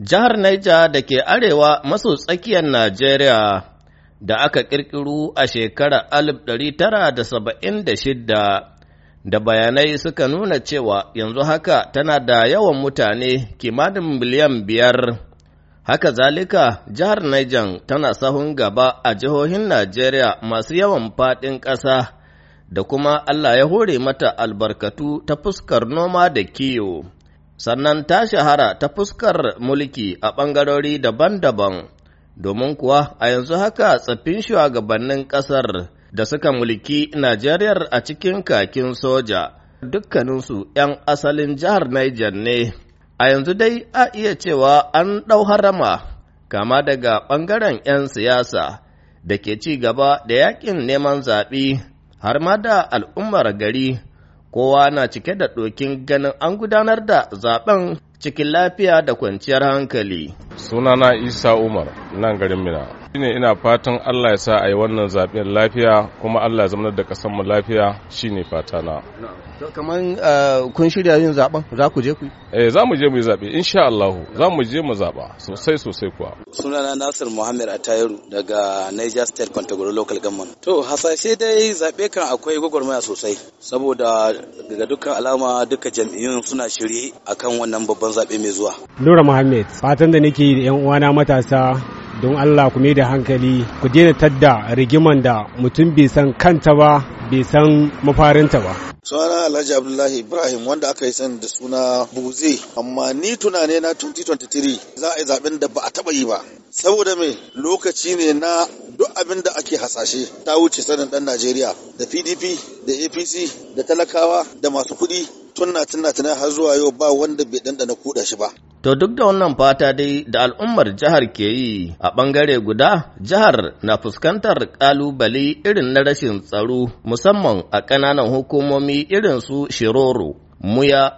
Jihar Naija da ke arewa maso tsakiyar Najeriya da aka ƙirƙiru a shekarar 1976 da bayanai suka nuna cewa yanzu haka tana da yawan mutane kimanin miliyan biyar. Haka zalika jihar Niger tana sahun gaba a jihohin Najeriya masu yawan faɗin ƙasa da kuma Allah ya hore mata albarkatu ta fuskar noma da kiyo. sannan ta shahara ta fuskar mulki a ɓangarori daban-daban, domin kuwa a yanzu haka tsaffin shugabannin ƙasar da suka mulki Najeriyar a cikin kakin soja, dukkaninsu ‘yan asalin jihar Niger ne, a yanzu dai a iya cewa an ɗau harama, kama daga ɓangaren ‘yan siyasa da ke ci gaba da yaƙin neman zaɓi, har ma da al'ummar gari. kowa na cike da ɗokin ganin an gudanar da zaben cikin lafiya da kwanciyar hankali. Sunana Isa Umar, nan garin Mina. shine ina fatan Allah ya sa a yi wannan zaɓen lafiya kuma Allah ya zama da ƙasar mu lafiya shine fata na kamar eh, kun shirya yin zaɓen za ku je ku eh za mu je mu yi zaɓe insha Allah za mu je mu zaɓa sosai sosai kuwa sunana Nasir Muhammad Atayiru daga Niger State Pantagoro Local Government to hasashe dai zaɓe kan akwai gwagwarmaya sosai saboda daga dukkan alama duka jam'iyyun suna shirye akan wannan babban zaɓe mai zuwa Nura Muhammad fatan da nake yi da 'yan uwana matasa don Allah ku mai da hankali ku daina tadda rigiman da mutum bai san kanta ba bai san mafarinta ba sunana alhaji abdullahi ibrahim wanda aka yi sani da suna buze amma ni tunane na 2023 za a yi zaben da ba a taba yi ba saboda mai lokaci ne na duk abin da ake hasashe ta wuce sanin dan najeriya da pdp da apc da talakawa da masu kudi tunna tunna tunai har zuwa yau ba wanda bai dandana kuda shi ba To duk da wannan fata dai da al'ummar jihar ke yi a ɓangare guda, jihar na fuskantar ƙalubale irin na rashin tsaro musamman a ƙananan hukumomi irin su Shiroro, Muya,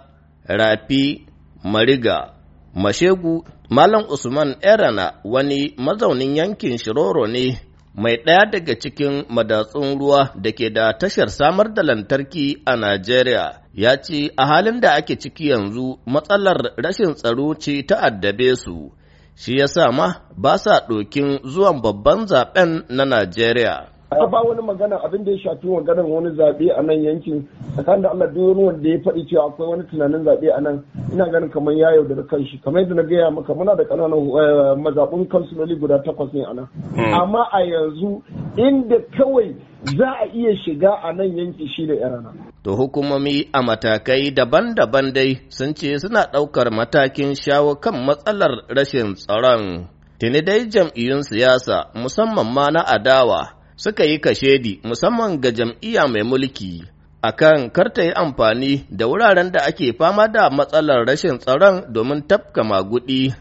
Rafi, Mariga, Mashegu, Malam Usman Erana wani mazaunin yankin Shiroro ne mai ɗaya daga cikin madatsun ruwa da ke da tashar samar da lantarki a Najeriya, ya ce a halin da ake ciki yanzu matsalar rashin tsaro ce ta addabe su, shi ya sa ma ba sa ɗokin zuwan babban zaben na Najeriya. a ba wani magana abin da ya shafi maganar wani zaɓe a nan yankin tsakanin da Allah duk wani wanda ya faɗi cewa akwai wani tunanin zaɓe a nan ina ganin kamar ya yaudar kanshi kamar yadda na gaya maka muna da ƙananan eh, mazaɓun kansuloli guda takwas ne a nan hmm. amma a yanzu inda kawai za a iya shiga a nan yanki shi da yarana. To hukumomi a matakai daban-daban dai sun ce suna ɗaukar matakin shawo kan matsalar rashin tsaron. Tuni dai jam'iyyun siyasa musamman ma na adawa suka yi kashedi musamman ga jam'iyya mai mulki akan kar ta yi amfani da wuraren da ake fama da matsalar rashin tsaron domin tafka magudi.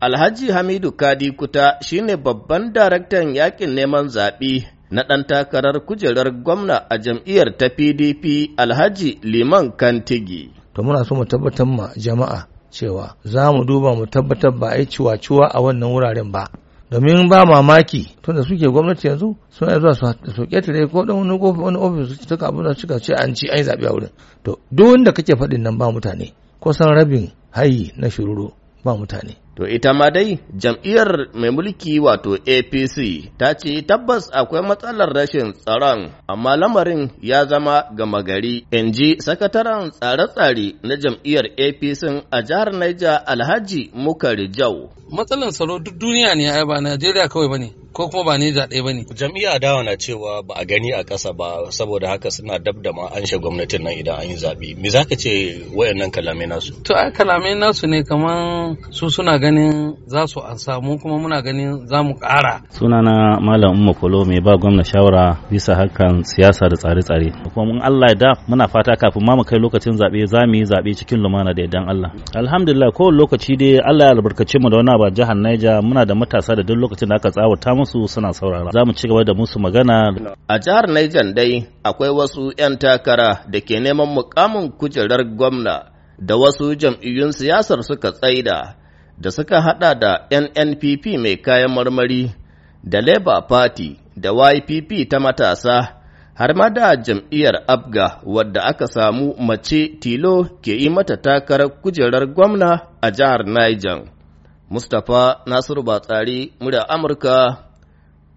Alhaji Hamidu Kadi Kuta ne babban daraktan yakin neman zaɓe na ɗan takarar kujerar gwamna a jam'iyyar ta PDP Alhaji Liman Kantigi. To muna so mu tabbatar ma jama'a cewa za mu duba mu tabbatar ba a yi ciwa-ciwa a wannan wuraren ba. domin ba mamaki da suke gwamnati yanzu suna zuwa su tare ko dan wani kofi wani ofis su taka abin da suka ce an ci an yi zaɓe a wurin to duk wanda kake faɗin nan ba mutane kusan rabin hayi na shiruru ba mutane. To ita ma dai jam'iyyar mai mulki wato APC ta ce tabbas akwai matsalar rashin tsaron amma lamarin ya zama gama gari. In ji sakataren tsare-tsare na jam'iyyar APC a jihar Niger Alhaji Mukari Jau. Matsalar tsaro duk duniya ne ba Najeriya kawai ba ne. ko kuma ba ni ɗaya ba ne. Jam'iyya dawa na cewa ba a gani a ƙasa ba saboda haka suna dab da ma an shi gwamnatin nan idan an yi zaɓe. Me za ka ce wayannan kalamai nasu? To ai kalamai nasu ne kamar su suna ganin za su an samu kuma muna ganin za mu ƙara. Sunana Malam Umma Kolo mai ba gwamna shawara bisa hakan siyasa da tsare-tsare. Kuma mun Allah da muna fata kafin ma mu kai lokacin zaɓe za mu yi zaɓe cikin lumana da idan Allah. Alhamdulillah kowane lokaci dai Allah ya albarkace mu da wani abu a jihar Niger muna da matasa da duk lokacin da aka tsawata su suna saurara za mu ci gaba da musu magana a jihar Niger dai akwai wasu 'yan takara da ke neman mukamin kujerar gwamna da wasu jam'iyyun siyasar suka tsaida da suka hada da NNPP mai kayan marmari da Labour Party da YPP ta matasa har ma da jam'iyyar Abga wadda aka samu mace tilo ke yi mata takarar kujerar gwamna a jihar Niger. Mustapha Nasiru Batsari, murya Amurka